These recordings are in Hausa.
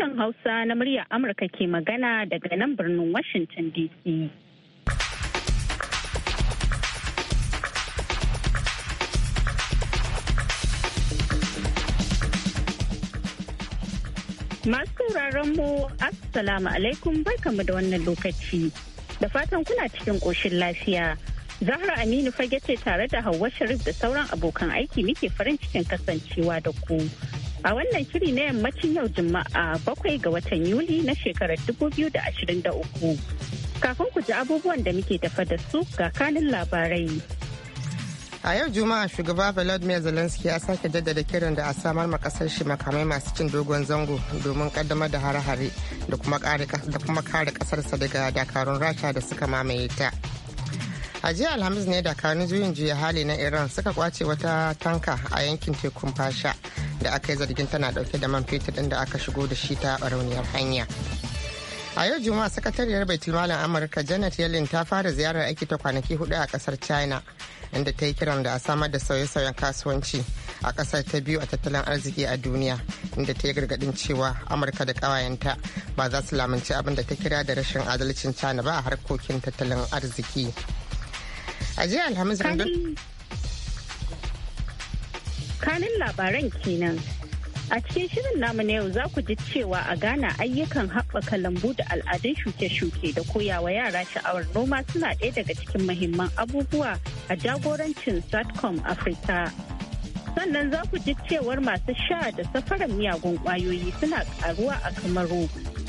sashen Hausa na muryar Amurka ke magana daga nan birnin Washington DC. Masu mu Assalamu alaikum barkamu da wannan lokaci. Da fatan kuna cikin ƙoshin lafiya. Zahra Aminu fage ce tare da Hauwa Sharif da sauran abokan aiki muke farin cikin kasancewa da ku. A wannan shiri na yammacin yau Juma'a bakwai ga watan Yuli na shekarar da da ashirin uku Kafin ku ji abubuwan da muke tafa da su ga kanin labarai. A yau Juma'a shugaba Volodymyr Zelensky ya sake jaddada kiran da a samar ma kasar shi makamai masu cin dogon zango domin kaddamar da hare-hare da kuma kare kasarsa daga dakarun rasha da suka mamaye ta. a jiya alhamis ne dakarun juyin juya hali na iran suka kwace wata tanka a yankin tekun fasha da aka yi zargin tana dauke da man fetur din da aka shigo da shi ta barauniyar hanya a yau juma'a sakatariyar baitul malam amurka janet yellen ta fara ziyarar aiki ta kwanaki hudu a kasar china inda ta yi kiran da a samar da sauye-sauyen kasuwanci a kasar ta biyu a tattalin arziki a duniya inda ta yi gargadin cewa amurka da kawayenta ba za su lamunci abin da ta kira da rashin adalcin china ba a harkokin tattalin arziki a jiya alhamis kanin labaran kenan. A cikin shirin namu na yau za ku ji cewa a Ghana ayyukan haɓaka lambu da al'adun shuke-shuke da koyawa yara sha'awar noma suna ɗaya daga cikin mahimman abubuwa a jagorancin Satcom Africa. Sannan za ku ji cewar masu sha da safaran miyagun ƙwayoyi suna ƙaruwa a Kamaru.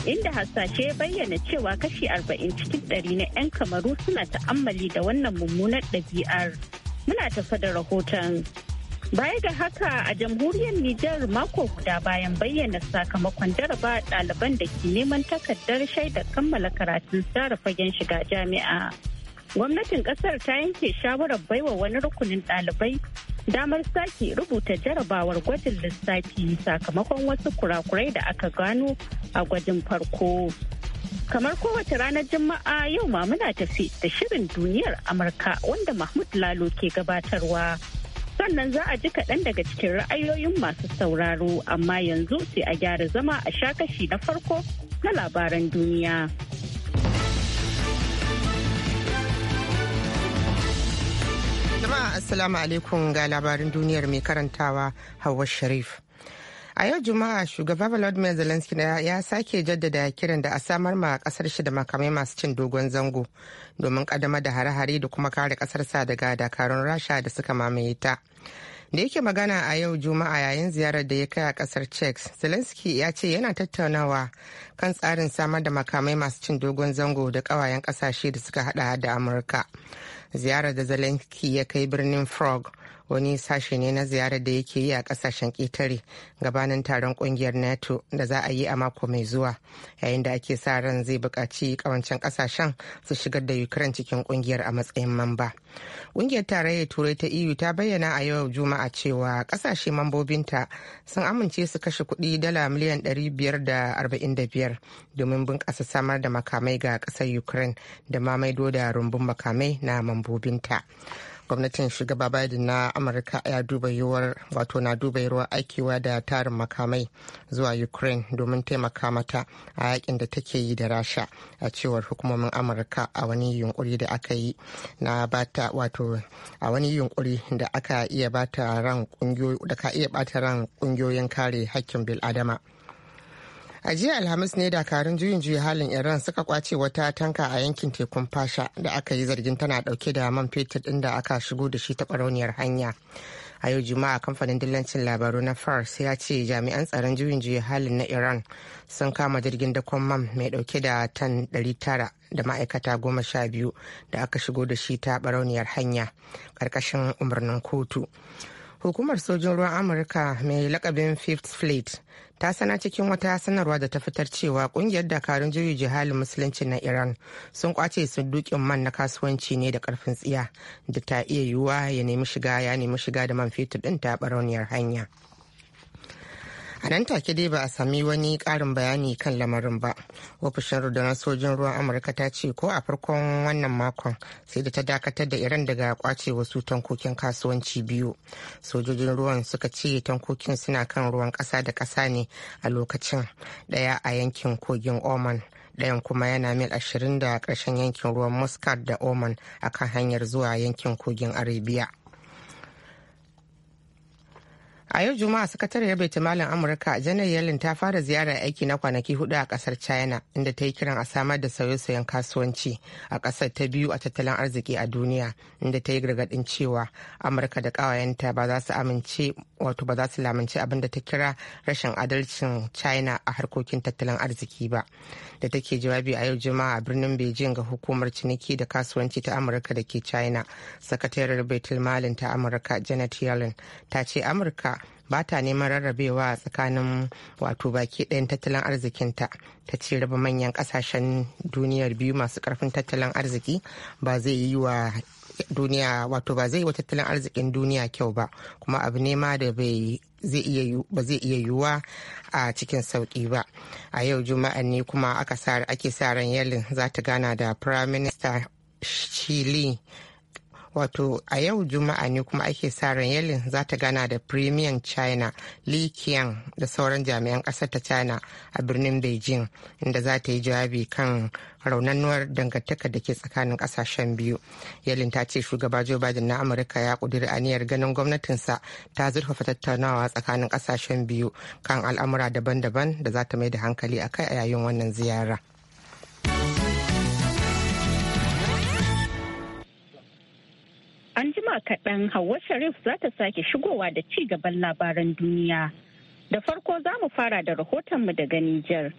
Inda hasashe bayyana cewa kashi arba'in cikin ɗari na 'yan Kamaru suna ta'ammali da wannan mummunar ɗabi'ar. Muna tafa da rahoton. Baya ga haka a jamhuriyar Nijar mako guda bayan bayyana sakamakon jaraba ɗaliban da ke neman takardar shaidar kammala karatun tsara fagen shiga jami'a. Gwamnatin ƙasar ta yanke shawarar baiwa wani rukunin ɗalibai damar sake rubuta jarabawar gwajin lissafi sakamakon wasu kurakurai da aka gano a gwajin farko. Kamar kowace ranar Juma'a yau ma muna tafi da shirin duniyar Amurka wanda Mahmud Lalo ke gabatarwa. sannan za a ji kaɗan daga cikin ra'ayoyin masu sauraro amma yanzu sai a gyara zama a sha kashi na farko na labaran duniya. Jama'a Assalamu alaikum ga labarin duniyar mai karantawa Hauwa Sharif. A yau Juma'a shugaba Volodymyr Zelensky ya sake jaddada kiran da a samar ma kasar shi da makamai masu cin dogon zango domin kadama da hare-hare da kuma kare kasarsa daga dakarun Rasha da suka mamaye ta. Da yake magana a yau Juma'a yayin ziyarar da ya kai a kasar Czech, Zelensky ya ce yana tattaunawa kan tsarin samar da makamai masu cin dogon zango da kawayen kasashe da suka hada da Amurka. Ziyarar da Zelensky ya kai birnin frog. wani sashe ne na ziyarar da yake yi a kasashen ƙetare gabanin taron kungiyar nato da za a yi a mako mai zuwa yayin da ake sa ran zai buƙaci ƙawancin kasashen su shigar da ukraine cikin kungiyar a matsayin mamba kungiyar tarayyar turai ta eu ta bayyana a yau juma'a cewa kasashe mambobinta sun amince su kashe kuɗi dala miliyan 545 domin bunƙasa samar da makamai ga ƙasar ukraine da ma maido da rumbun makamai na mambobinta. gwamnatin shugaba biden na amurka ya duba yiwuwar wato na duba yiwuwar aikiwa da tarin makamai zuwa ukraine domin taimaka mata a yakin da take yi da rasha a cewar hukumomin amurka a wani yunkuri da aka yi na bata wato a wani yunkuri da aka iya bata ran kungiyoyin kare hakkin bil'adama. a jiya alhamis ne dakarun juyin juya halin iran suka kwace wata tanka a yankin tekun fasha da aka yi zargin tana dauke da man fetur din da aka shigo da shi ta barauniyar hanya a yau juma'a kamfanin dillancin labaru na fars ya ce jami'an tsaron juyin juya halin na iran sun kama jirgin dakon man mai dauke da tan 900 da ma'aikata goma sha biyu da aka shigo da shi ta barauniyar hanya karkashin umarnin kotu hukumar sojin ruwan amurka mai lakabin fifth fleet ta sana cikin wata sanarwa da ta fitar cewa kungiyar dakarun juyi jihalin musulunci na iran sun kwace dukin man na kasuwanci ne da karfin tsiya da ta iya yiwuwa ya nemi shiga ya nemi shiga da man fetur din ta barauniyar hanya. a nan take dai ba a sami wani karin bayani kan lamarin ba ofishin rundunar sojin ruwan amurka ta ce ko a farkon wannan makon sai da ta dakatar da iran daga kwace wasu tankokin kasuwanci biyu sojojin ruwan suka ce tankokin suna kan ruwan kasa da kasa ne a lokacin daya a yankin kogin oman ɗayan kuma yana mil 20 da karshen yankin ruwan muscat da oman akan hanyar zuwa yankin kogin arabia. a yau juma'a sakatariyar baitul malin amurka janar yellen ta fara ziyarar aiki na kwanaki hudu a kasar china inda ta yi kiran a samar da sauye-sauyen kasuwanci a kasar ta biyu a tattalin arziki a duniya inda ta yi gargadin cewa amurka da kawayenta ba za su amince wato ba za su lamunci abin da ta kira rashin adalcin china a harkokin tattalin arziki ba da take jawabi a yau juma'a a birnin beijing ga hukumar ciniki da kasuwanci ta amurka da ke china sakatariyar baitul malin ta amurka janet yellen ta ce amurka ba ta neman rarrabewa tsakanin wato baki ɗayan tattalin arzikinta ta ce raba manyan ƙasashen duniyar biyu masu ƙarfin tattalin arziki ba zai yi wa duniya wato ba zai wa tattalin arzikin duniya kyau ba kuma abu ne ma da bai iya ba zai iya yiwuwa a cikin sauki ba a yau juma'a ne kuma aka ake sa ran yalin za ta gana da prime minister wato a yau juma'a ne kuma ake sa ran yalin za ta gana da premium china li da sauran jami'an ƙasar ta china a birnin beijing inda za ta yi jawabi kan raunanuwar dangantaka da ke tsakanin kasashen biyu yalin ta ce shugaba joe biden na amurka ya kudiri aniyar ganin gwamnatinsa ta zurfafa tattaunawa tsakanin ƙasashen biyu kan al'amura daban-daban da za ta mai da hankali a kai a yayin wannan ziyara An jima kaɗan Hauwa Sharif za ta sake shigowa da ci gaban labaran duniya. Da farko za mu fara da rahotonmu daga Nijar.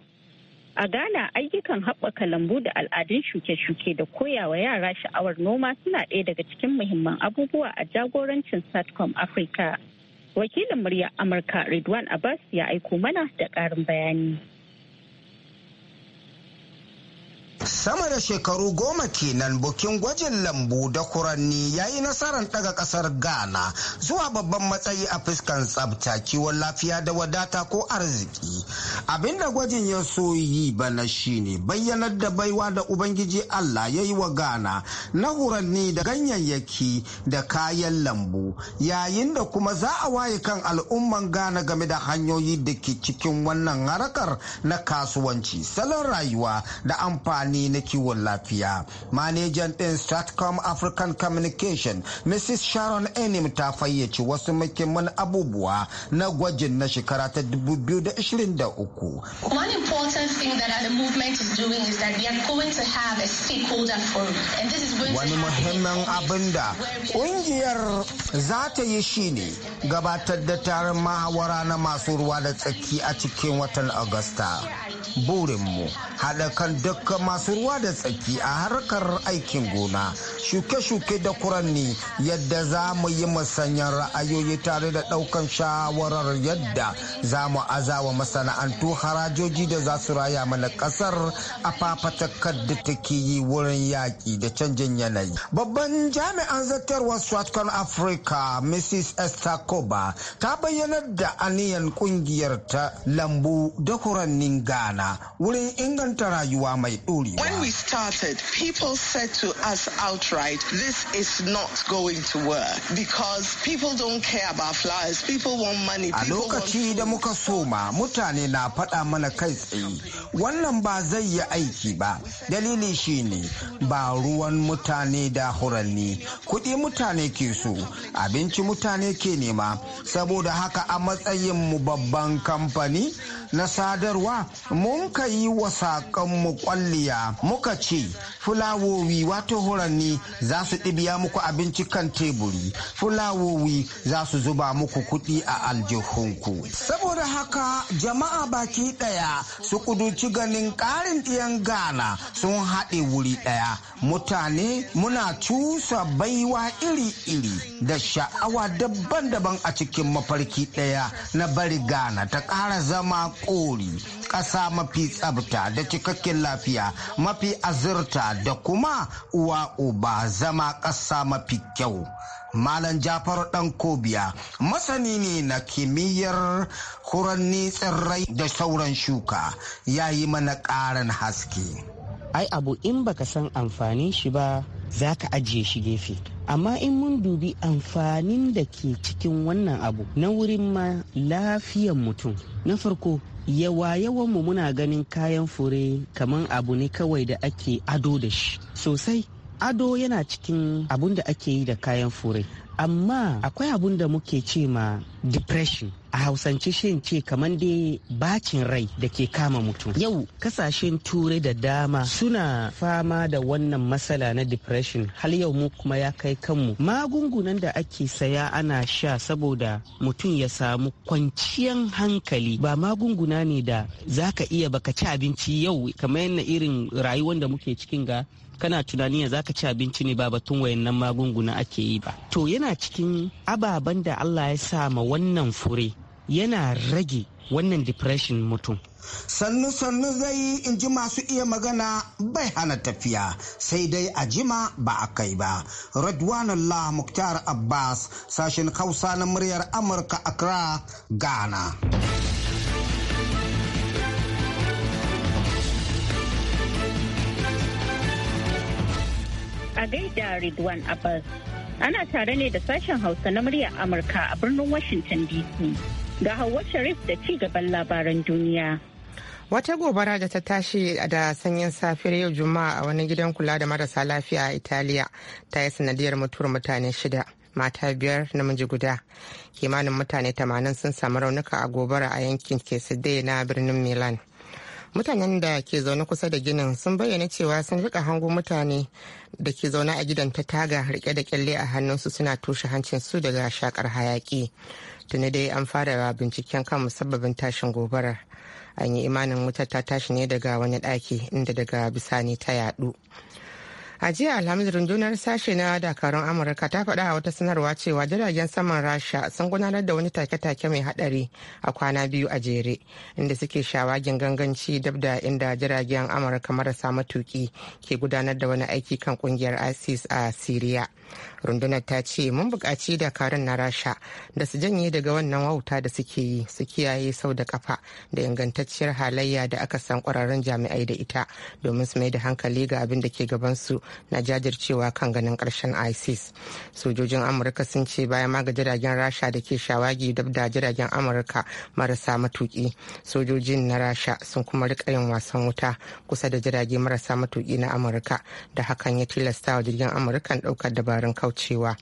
A Ghana ayyukan haɓaka lambu da al'adun shuke-shuke da koyawa yara sha'awar noma suna ɗaya daga cikin muhimman abubuwa a jagorancin Satcom Africa. Wakilin muryar Amurka Ridwan Abbas ya aiko mana da ƙarin bayani. sama da shekaru goma kenan bukin gwajin lambu da kuranni ya yi nasarar daga kasar ghana zuwa babban matsayi a fuskan tsabta kiwon lafiya da wadata ko arziki abinda gwajin ya so yi bana shine bayyanar da baiwa da ubangiji allah ya yi wa ghana na huranni da ganyayyaki da kayan lambu yayin da kuma za a waye kan al'umman ghana game da hanyoyi da ke cikin wannan harakar na kasuwanci salon rayuwa da amfani sha'ani na kiwon lafiya Manejan ɗin stratcom african communication mrs sharon enim ta fayyace wasu muhimman abubuwa na gwajin na shekara ta 2023 One important thing that the movement is doing is that we are going to have a stakeholder forum and this is going wani muhimmin abin da ƙungiyar za ta yi ne gabatar da taron mahawara na masu ruwa da tsaki a cikin watan agusta burinmu haɗa kan dukkan masu masu ruwa da tsaki a harkar aikin gona shuke-shuke da kuranni yadda za mu yi musanyar ra'ayoyi tare da ɗaukan shawarar yadda za mu azawa masana'antu harajoji da za su raya mana ƙasar a fafatakar da take yi wurin yaƙi da canjin yanayi babban jami'an zartarwar swatcon africa mrs esther koba ta bayyana da aniyan kungiyar ta lambu da kurannin ghana wurin inganta rayuwa mai ɗori When we started, people said to us outright, this is not going to work because people don't care about flowers, people want money, A lokaci da muka soma mutane na faɗa mana kai tsaye, wannan ba zai yi aiki ba. Dalili shine ba ruwan mutane da huranni, kuɗi mutane ke so, abinci mutane ke nema, saboda haka a matsayin mu babban kamfani na sadarwa mun ka yi wa mu kwalliya muka ce fulawowi wato huranni za su ɗibiya muku abinci kan teburi fulawowi za su zuba muku kuɗi a aljihunku saboda haka jama'a baki ɗaya su kuduci ganin ƙarin ɗiyan ghana sun haɗe wuri ɗaya mutane muna cusa baiwa iri-iri da sha'awa daban-daban a cikin mafarki ɗaya na bari ghana ta ƙara zama koli ƙasa mafi tsabta da cikakken lafiya mafi azurta da kuma uwa uba zama ƙasa mafi kyau Malam Jafar ɗan Kobiya masani ne na kimiyyar huranni tsirrai da sauran shuka ya yi mana ƙarin haske. Ai abu in baka san amfanin shi ba za ka ajiye shi gefe amma in mun dubi amfanin da ke cikin wannan abu na wurin ma lafiyan mutum na farko yawa yawan mu muna ganin kayan fure kaman abu ne kawai da ake ado da shi sosai ado yana cikin abun da ake yi da kayan fure amma akwai abun da muke ce ma depression a hausance shin ce kamar dai bacin rai da ke kama mutum yau kasashen turai da dama suna fama da wannan matsala na depression har yau mu kuma ya kai kanmu magungunan da ake saya ana sha saboda mutum ya samu kwanciyan hankali ba magunguna ne da zaka iya baka ci abinci yau kamar irin rayuwar da muke cikin ga kana tunani ya zaka ci abinci ne ba batun wayannan magunguna ake yi ba to yana cikin ababen da Allah ya sa ma wannan fure yana rage wannan depression mutum sannu sannu zai in ji masu iya magana bai hana tafiya sai dai a jima ba a kai ba radwanallah muktar abbas sashen hausa na muryar amurka a accra ghana a gaida Ridwan Abbas. Ana tare ne da sashen Hausa na muryar Amurka a birnin Washington DC. Ga Hauwa Sharif da ci gaban labaran duniya. Wata gobara da ta tashi da sanyin safiyar yau Juma'a a wani gidan kula da marasa lafiya a Italiya ta yi sanadiyar mutuwar mutane shida. mata biyar namiji guda kimanin mutane tamanin sun samu raunuka a gobara a yankin kesidai na birnin milan mutanen da ke zaune kusa da ginin sun bayyana cewa sun rika hango mutane da ke zaune a gidan ta taga rike da kyalle a hannunsu suna tushe su daga shakar hayaki tuni dai an fara binciken kan musabbabin tashin gobarar an yi imanin wutar ta tashi ne daga wani daki inda daga bisani ta yadu a jiya alhamis rundunar sashe na dakarun amurka ta faɗa wata sanarwa cewa jiragen saman rasha sun gudanar da wani take-take mai haɗari a kwana biyu a jere inda suke shawagin ganganci dab da inda jiragen amurka marasa matuki ke gudanar da wani aiki kan kungiyar isis a siriya rundunar ta ce mun buƙaci dakarun na rasha da su janye daga wannan wauta da suke yi su kiyaye sau da kafa da ingantacciyar halayya da aka san kwararrun jami'ai da ita domin su mai da hankali ga abin da ke gabansu na jajircewa kan ganin ƙarshen isis sojojin amurka sun ce bayan maga jiragen rasha da ke shawagi dab da jiragen amurka marasa matuki sojojin na rasha sun kuma rika yin wasan wuta kusa da jirage marasa matuki na amurka da hakan ya tilasta wa jirgin amurkan ɗaukar dabarun kaucewa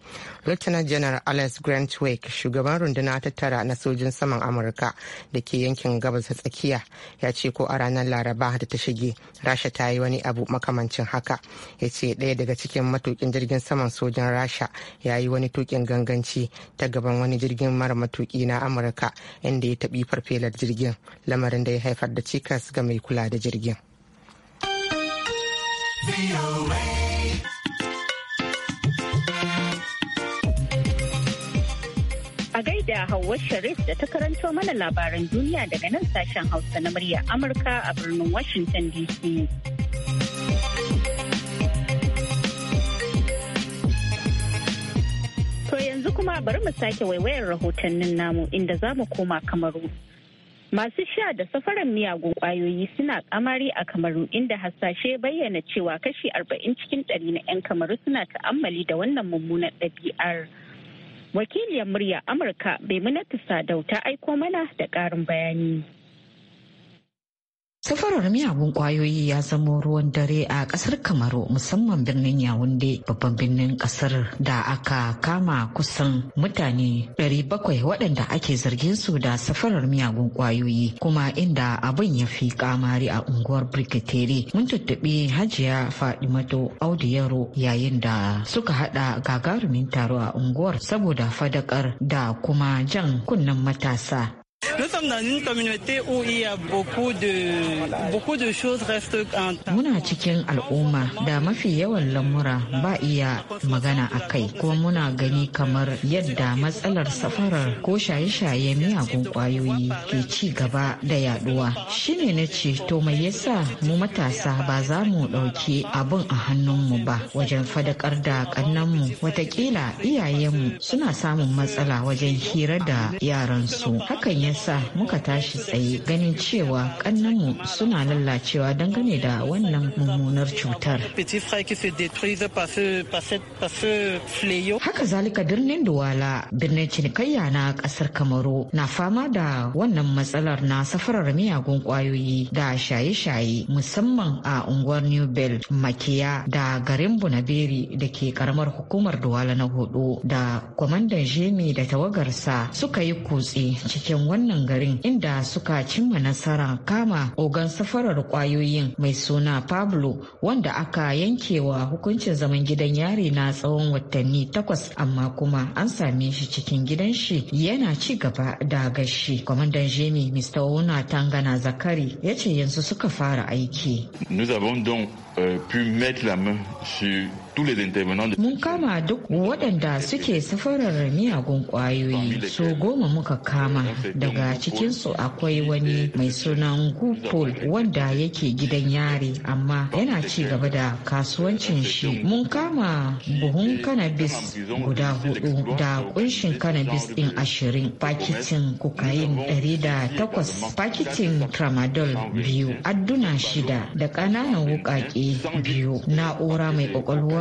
lieutenant general alex grant wake shugaban runduna ta tara na sojin saman amurka da ke yankin gabas ta tsakiya ya ce ko a ranar laraba da ta shige rasha ta yi wani abu makamancin haka ya ce ce ɗaya daga cikin matukin jirgin saman sojan rasha ya yi wani tukin ganganci ta gaban wani jirgin mara matuki na amurka inda ya taɓi farfelar jirgin lamarin da ya haifar da cikas ga mai kula da jirgin a gaida Hauwa Sharif da ta karanto mana labaran duniya daga nan sashen Hausa na murya Amurka a birnin Washington DC. To yanzu kuma bari mu sake waiwayar rahotannin namu inda za mu koma kamaru. Masu sha da safaran miyagun kwayoyi suna kamari a kamaru inda hasashe bayyana cewa kashi arba'in cikin ɗari na 'yan kamaru suna ta'ammali da wannan mummunan ɗabi'ar. Wakiliyar murya Amurka Baimunatu Sadau ta aiko mana da ƙarin bayani. Safarar miyagun kwayoyi ya zama ruwan dare a kasar Kamaru musamman birnin Yawunde babban birnin kasar da aka kama kusan mutane 700 waɗanda ake zargin su da safarar miyagun kwayoyi kuma inda abin ya fi kamari a unguwar Briketere mun tuttuɓi Hajiya Fadimato Audu Yaro yayin da suka haɗa gagarumin taro a unguwar saboda fadakar da kuma jan kunnen matasa Muna cikin al'umma da mafi yawan lamura ba iya magana a kai kuma muna gani kamar yadda matsalar safarar ko shaye-shaye miyagun kwayoyi ke ci gaba da yaduwa. Shine na ce to mai yasa mu matasa ba za mu ɗauki abin a hannunmu ba wajen fadakar da ƙannanmu. watakila iyayenmu suna samun matsala wajen hira da yaransu. Hakan yasa yasa muka tashi tsaye ganin cewa kannanmu suna lallacewa dangane da wannan mummunar cutar. Haka zalika birnin Duwala birnin cinikayya na kasar Kamaru na fama da wannan matsalar na safarar miyagun kwayoyi da shaye-shaye musamman a unguwar New Bell Makiya da garin Bunaberi da ke karamar hukumar Duwala na hudu da kwamandan Jemi da tawagarsa suka yi kutse cikin wannan wannan garin inda suka cimma nasara kama ogan safarar kwayoyin mai suna Pablo wanda aka yankewa hukuncin zaman gidan yari na tsawon watanni takwas amma kuma an same shi cikin gidan shi yana ci gaba da gashi. Kwamandan Jemi Mr. Ona Tangana Zakari ya ce yanzu suka fara aiki. Nous avons donc euh, pu la main Mun kama duk waɗanda suke safarar miyagun ƙwayoyi so goma muka kama daga cikinsu akwai wani eh, mai sunan Gupol wanda yake gidan yare amma yana ci gaba da kasuwancin shi. Mun kama buhun kanabis guda hudu da kunshin kanabis ɗin ashirin pakitin kokain ɗari da takwas pakitin tramadol biyu adduna shida da ƙananan wuƙaƙe biyu na'ura mai ƙwaƙwalwa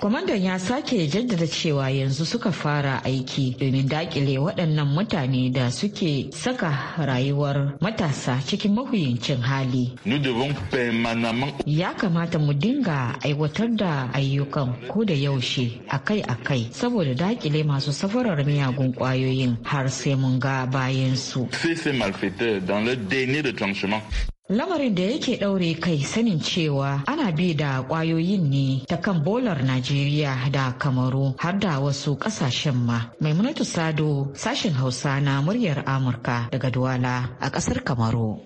kwamandan ya sake jaddada cewa yanzu suka fara aiki domin dakile waɗannan mutane da suke saka rayuwar matasa cikin mahuyincin hali ya kamata mu dinga aiwatar da ayyukan ko da yaushe akai-akai saboda dakile masu safarar miyagun kwayoyin har sai mun ga bayan su Lamarin da yake ɗaure kai sanin cewa ana bi da ƙwayoyin ne ta kan bolar Najeriya da Kamaru har da wasu ƙasashen ma. Maimunatu Sado sashen Hausa na muryar Amurka daga Duwala a ƙasar Kamaru.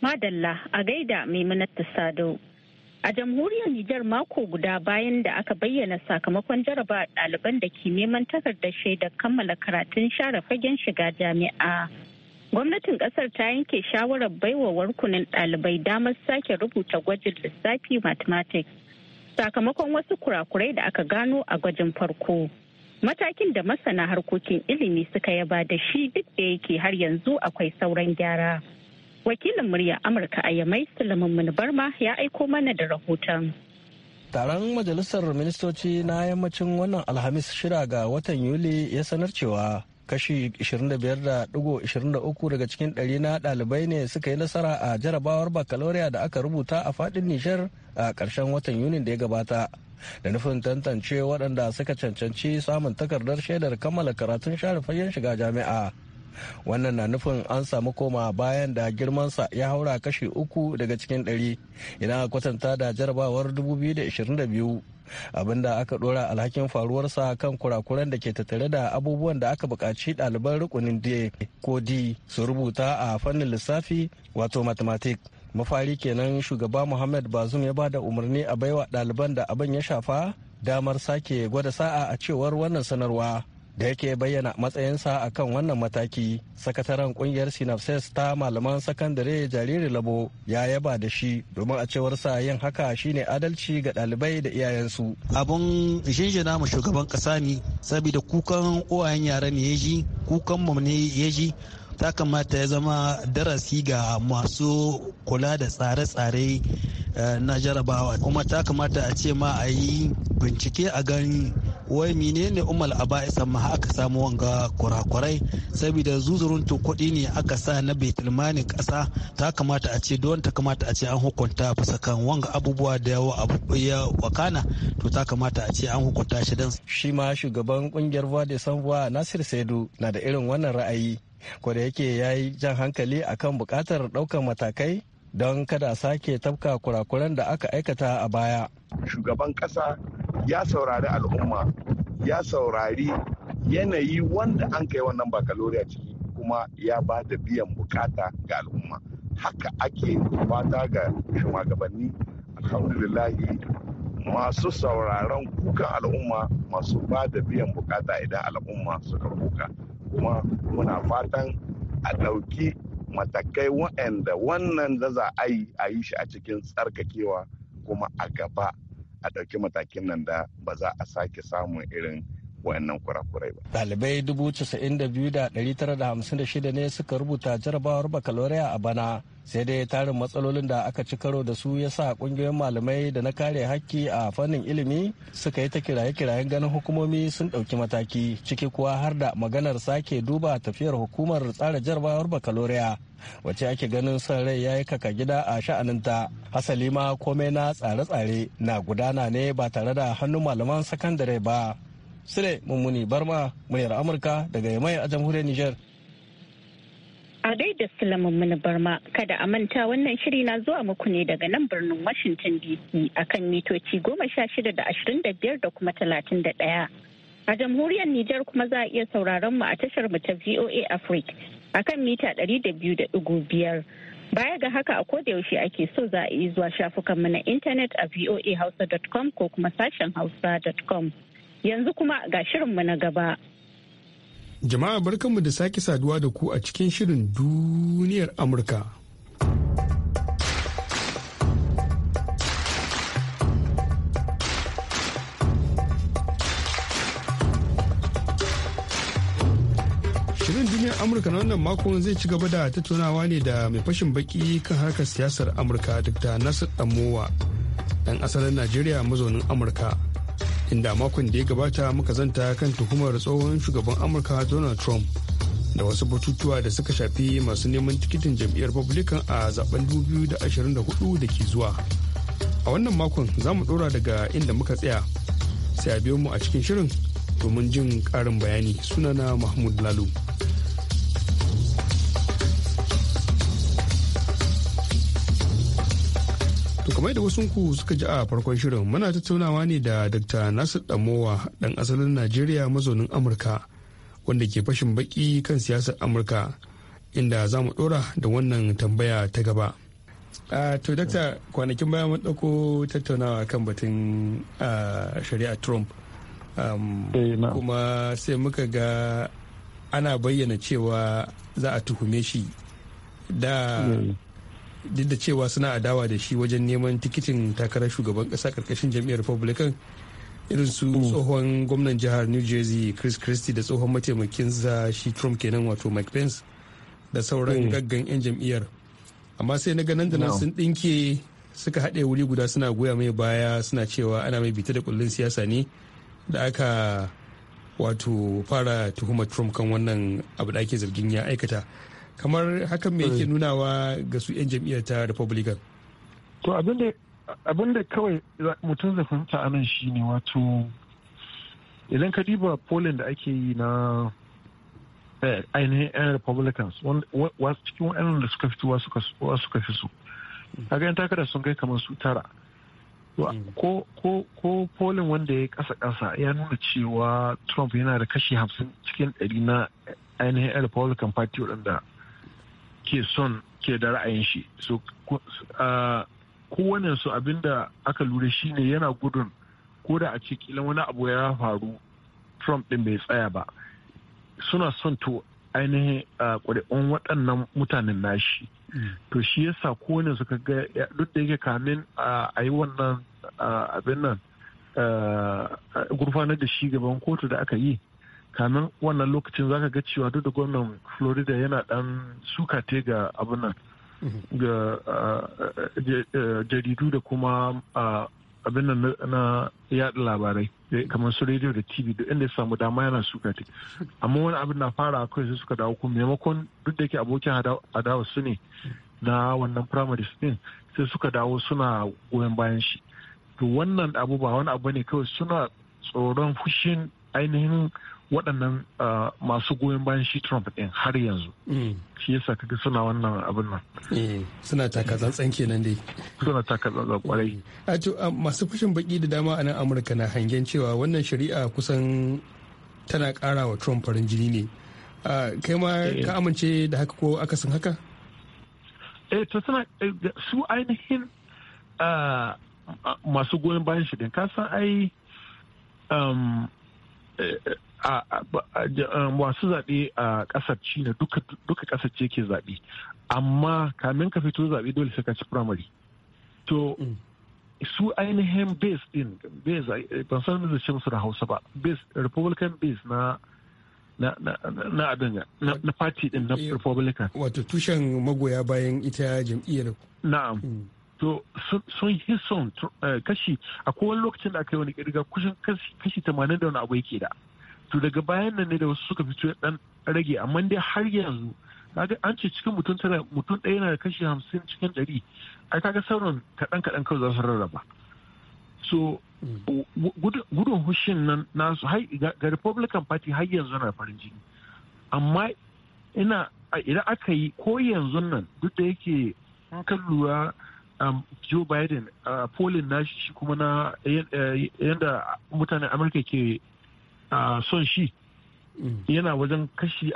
Madalla a gaida Maimunatu Sado. A jamhuriyar Nijar mako guda bayan da aka bayyana sakamakon jaraba ɗaliban da ke neman takardar shaidar kammala karatun share fagen shiga jami'a. gwamnatin ƙasar ta yanke shawarar baiwa warkunan ɗalibai damar sake rubuta gwajin lissafi mathematics sakamakon wasu kurakurai da aka gano a gwajin farko matakin da masana harkokin ilimi suka yaba da shi duk da yake har yanzu akwai sauran gyara wakilin murya amurka a yamai sulaiman barma ya aiko mana da rahoton taron majalisar ministoci na yammacin wannan alhamis shida ga watan yuli ya sanar cewa kashi 25.23 daga cikin ɗari na ɗalibai ne suka yi nasara a jarabawar baccalaureate da aka rubuta a faɗin nishar a ƙarshen watan Yunin da ya gabata. Da nufin tantance waɗanda suka cancanci samun takardar shaidar kammala karatun share fagen shiga jami'a. wannan na nufin an samu koma bayan da girmansa ya haura kashi uku daga cikin ɗari ina kwatanta da jarabawar 2022 abinda aka dora alhakin faruwarsa kan kurakuran da ke tattare da abubuwan da aka buƙaci ɗaliban rukunin d ko d su rubuta a fannin lissafi wato mathematics mafari kenan shugaba muhammad bazum ya bada umarni a baiwa ɗaliban da abin ya shafa damar sake gwada sa'a a cewar wannan sanarwa da yake bayyana matsayinsa a kan wannan mataki sakataren kungiyar synapses ta malaman sakandare jariri labo ya yaba da shi domin a cewar sa yin haka shine adalci ga ɗalibai da iyayensu abun jinjina mu shugaban kasa ne saboda kukan uwayen yara ne ya ji kukan mu ne ya ji ta kamata ya zama darasi ga masu kula da tsare-tsare eh, na jarabawa kuma ta kamata a ce ma a yi bincike a gani wai menene a baa amma aka samu wanga kurakurai saboda zuzuruntu kuɗi ne aka sa na betulmanin ƙasa ta kamata a ce don ta kamata a ce an hukunta bisa kan wanga abubuwa da yawa ya wakana to ta kamata a ce an hukunta shi dan shi ma shugaban kungiyar voa de nasir saidu na da irin wannan ra'ayi ko da yake ya yi jan hankali akan buƙatar ɗaukar matakai don kada sake tafka kurakuran da aka aikata a baya. Shugaban ƙasa ya saurari al'umma ya saurari yanayi wanda an kai wannan bakaloriya ciki kuma ya ba da biyan bukata ga al'umma haka ake fata ga shugabanni alhamdulillahi masu sauraron kukan al'umma masu ba da biyan bukata idan al'umma suka kuka kuma muna fatan a ɗauki matakai waɗanda wannan da za a yi a yi shi a cikin tsarkakewa kuma a gaba a ɗauki matakin nan da ba za a sake samun irin wayannan kurakurai ba. Ɗalibai shida ne suka rubuta jarabawar bakaloriya a bana sai dai tarin matsalolin da aka ci karo da su ya sa ƙungiyoyin malamai da na kare hakki a fannin ilimi suka yi ta kiraye-kirayen ganin hukumomi sun ɗauki mataki ciki kuwa har da maganar sake duba tafiyar hukumar tsara jarabawar bakaloriya wacce ake ganin son rai ya yi kaka gida a sha'aninta hasali ma komai na tsare-tsare na gudana ne ba tare da hannun malaman sakandare ba sule mummuni barma muryar amurka daga yamai a jamhuriyar niger a gaida mini barma kada a manta wannan shiri na zuwa muku ne daga nan birnin washington dc akan mitoci goma sha shida da ashirin da biyar da kuma talatin da daya a jamhuriyar niger kuma za a iya sauraron mu a tashar mu ta voa africa akan mita ɗari da da biyu biyar. baya ga haka a kodayaushe ake so za a yi zuwa shafukanmu na intanet a voahausa.com ko kuma sashen hausa.com yanzu kuma ga shirinmu na gaba jama'a barkanmu da sake saduwa da ku a cikin shirin duniyar amurka amurka na wannan makon zai ci gaba da tattaunawa ne da mai fashin baki kan harkar siyasar amurka dr nasu damowa dan asalin najeriya mazaunin amurka inda makon da ya gabata muka zanta kan tuhumar tsohon shugaban amurka donald trump da wasu batutuwa da suka shafi masu neman tikitin jam'iyyar republican a zaben 2024 da ke zuwa a wannan makon za mu dora daga inda muka tsaya sai a biyo mu a cikin shirin domin jin karin bayani sunana mahmud lalu kamar da wasu ku suka ji a farkon shirin muna tattaunawa ne da dr nasir damowa dan asalin najeriya mazaunin amurka wanda ke fashin baki kan siyasar amurka inda za mu dora da wannan tambaya ta gaba to dr kwanakin baya mun tattaunawa kan batun shari'a trump eh, kuma sai muka ga ana bayyana cewa za a tuhume shi da eh. duk da cewa suna adawa da shi wajen neman tikitin takarar shugaban kasa karkashin jam'iyyar republican irin su hmm. tsohon gwamnan jihar new jersey chris christie da tsohon mataimakinsa shi trump kenan wato mike pence da sauran hmm. gaggan 'yan jam'iyyar amma sai na ganin da nan sun ɗinke suka haɗe wuri guda suna goya mai baya suna cewa ana mai bita da kullun siyasa ne da aka wato fara tuhumar trump kan wannan abu da ake zargin ya aikata kamar hakan me yake eh. nunawa ga su 'yan jam'iyyar ta republican to abin da kawai mutum zai fahimta a nan ne wato idan ka diba polling da ake yi na eh, ainihin 'yan republicans wasu cikin wa'annan da suka fito wasu suka fi su kaga yan takarar sun kai kamar su tara hmm. ko polin wanda ya kasa kasa ya nuna cewa trump yana da kashi hamsin cikin dari na ainihin republican party waɗanda ke son ke da ra'ayin shi so uh, kowane su da aka lura shine yana gudun ko da a ce kila wani abu ya faru trump din bai tsaya ba suna son to ainihin uh, ƙuri'un waɗannan mutanen nashi mm. to shi yasa kowane suka ga duk da yake kamin uh, a yi wannan abin nan gurfanar da shi gaban kotu da aka yi kanan wannan lokacin zaka ga cewa duk da gwamnan florida yana dan suka te ga mhm. ga jaridu da kuma abin na yada labarai kamar su rediyo da tv duk inda ya samu dama yana suka te amma wani abin na fara akwai sai suka dawo kuma maimakon duk da ke abokin adawa su ne na wannan primary din sai suka dawo suna goyon bayan shi to wannan abu ba wani abu ne kawai suna tsoron fushin ainihin waɗannan ah, masu goyon bayan shi Trump ɗin har yanzu. Mm. Shi yasa kaga suna wannan abin nan. Eh, suna taka tsantsan kenan dai. Suna taka tsantsan kwarai. Eh. A ah, masu fushin baki da dama a nan Amurka na hangen cewa wannan shari'a kusan tana ƙara wa Trump farin jini ne. Ah, kai ma eh. ka amince da haka ko akasin haka? Eh, to suna su ainihin masu goyon bayan shi ka kasan ai um, masu zaɓe a ƙasar China duka ƙasar ce ke zaɓe amma kamin ka fito zaɓe dole sai ka ci primary to mm. su ainihin base din base ban san da ce musu da hausa ba base republican base na na abin na party din na eh, republican wato tushen magoya bayan ita jam'iyyar na'am mm. to sun yi son eh, kashi a kowane lokacin da aka yi wani kirga kusan kashi 80 da wani abu yake da to daga bayan nan ne da wasu suka fito dan rage amma dai har yanzu kaga an ce cikin mutum tara mutum ɗaya yana da kashi hamsin cikin ɗari ai kaga sauran kaɗan kaɗan kawai za su rarraba so gudun hushin nan nasu ga republican party har yanzu na farin jini amma ina idan aka yi ko yanzu nan duk da yake kan lura um, joe biden a uh, polin nashi kuma na eh, eh, yadda mutanen amurka ke son shi yana wajen kashi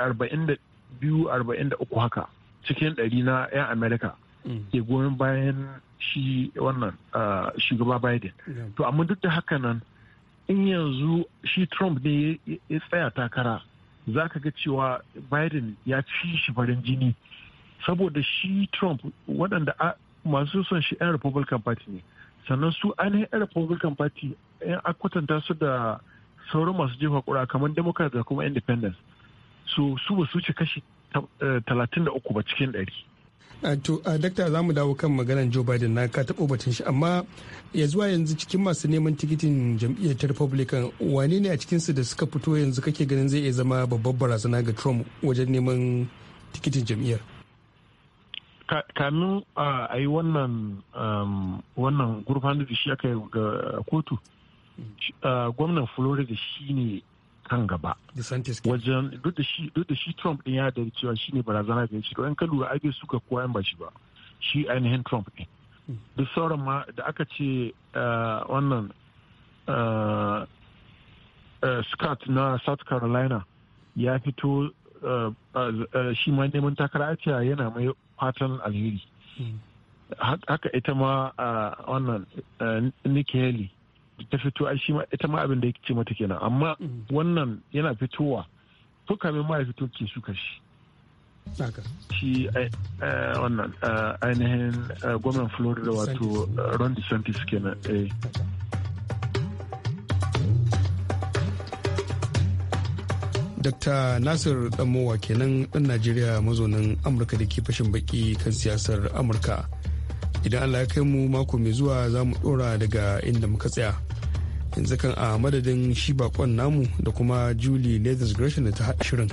42-43 haka cikin ɗari na 'yan amerika ke goyon bayan shi wannan shugaba biden to amma duk da haka nan in yanzu shi trump ne ya tsaya takara za ka ga cewa biden ya ci shi farin jini saboda shi trump waɗanda masu son shi 'yan republican party ne sannan su ainihin 'yan republican party 'yan akwatanta su da sauran masu jefa kura kamar democrat da kuma independence so su ba su ci kashi 33 eh, ba cikin 100 to a dakta za mu dawo kan maganar joe biden na ka taɓo batun shi amma ya zuwa yanzu cikin masu neman tikitin jam'iyyar ta republican wane ne a cikinsu da suka fito yanzu kake ganin zai iya zama babbar barazana ga trump wajen neman tikitin jam'iyyar kamin a yi wannan um, wannan gurfanar da shi aka yi ga kotu Uh, gwamnan florida shine kan gaba wajen duk da shi trump din ya dari cewa shine barazana ga shi to in ka lura suka kowa ba shi ba shi ainihin trump din hmm. duk sauran ma da aka ce uh, wannan uh, scott na south carolina ya fito shi ma neman takara a yana mai fatan alheri hmm. haka ita ma wannan nikki haley ta fito ai shi ita ma abin da yake ce mata kenan amma mm-hmm. wannan yana fitowa to kamin ma ya fito ke suka shi shi eh, eh, wannan eh, ainihin gwamnan florida wato ron desantis kenan Nasir Damowa kenan ɗan Najeriya mazaunin Amurka da ke fashin baki kan siyasar Amurka. Idan Allah ya kai mu mako mai zuwa za mu ɗora daga inda muka tsaya. yanzu kan a madadin shi bakon namu da kuma julie nathan's gresham da ta hada shirin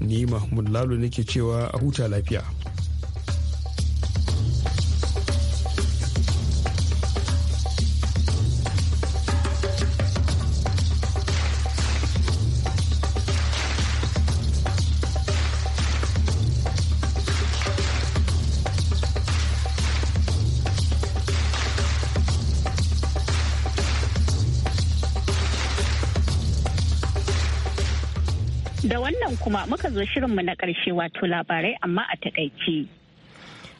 ni mahmud lalo nake cewa a huta lafiya Da wannan kuma muka zo shirinmu na ƙarshe wato labarai amma a takaice.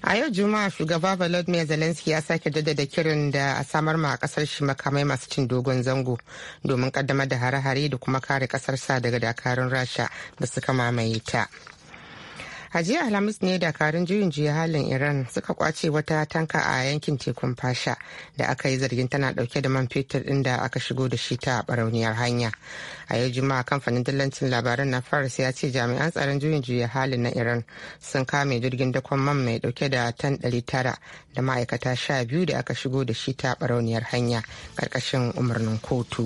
A yau Juma'a shugaba Volodymyr Zelensky ya sake jaddada kirin da a samar ma a kasar shi makamai masu cin dogon zango domin kaddamar da hare-hare da kuma kare kasarsa daga dakarun Rasha da suka mamaye ta. a jiya alhamis ne dakarun juyin juya halin iran suka kwace wata tanka a yankin tekun fasha da aka yi zargin tana dauke da man fetur din da aka shigo da shi ta barauniyar hanya a yau juma'a kamfanin dillancin labaran na faris ya ce jami'an tsaron juyin juya halin na iran sun kame jirgin dakon man mai dauke da tan tara da ma'aikata sha biyu da aka shigo da shi ta barauniyar hanya karkashin umarnin kotu.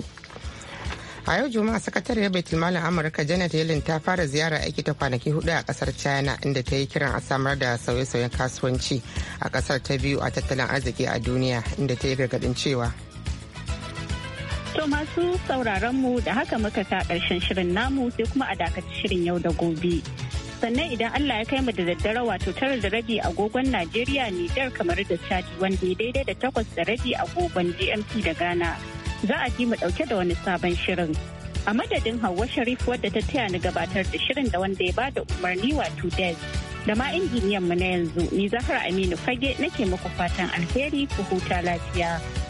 a yau juma'a sakatariyar baitul malam amurka janet yellen ta fara ziyara aiki ta kwanaki hudu a kasar china inda ta yi kiran a samar da sauye-sauyen kasuwanci a kasar ta biyu a tattalin arziki a duniya inda ta yi gargadin cewa To masu sauraron mu da haka muka ta karshen shirin namu sai kuma a dakaci shirin yau da gobe. Sannan idan Allah ya kai mu da daddare wato tara da rabi agogon Najeriya Nijar kamar da Chad wanda daidai da takwas da rabi agogon GMT da Ghana. za a ji mu ɗauke da wani sabon shirin. A madadin Hauwa Sharif wadda ta taya ni gabatar da shirin da wanda ya ba da umarni wato Des. Da ma injiniyan mu na yanzu ni Zahra Aminu Fage nake muku fatan alheri ku huta lafiya.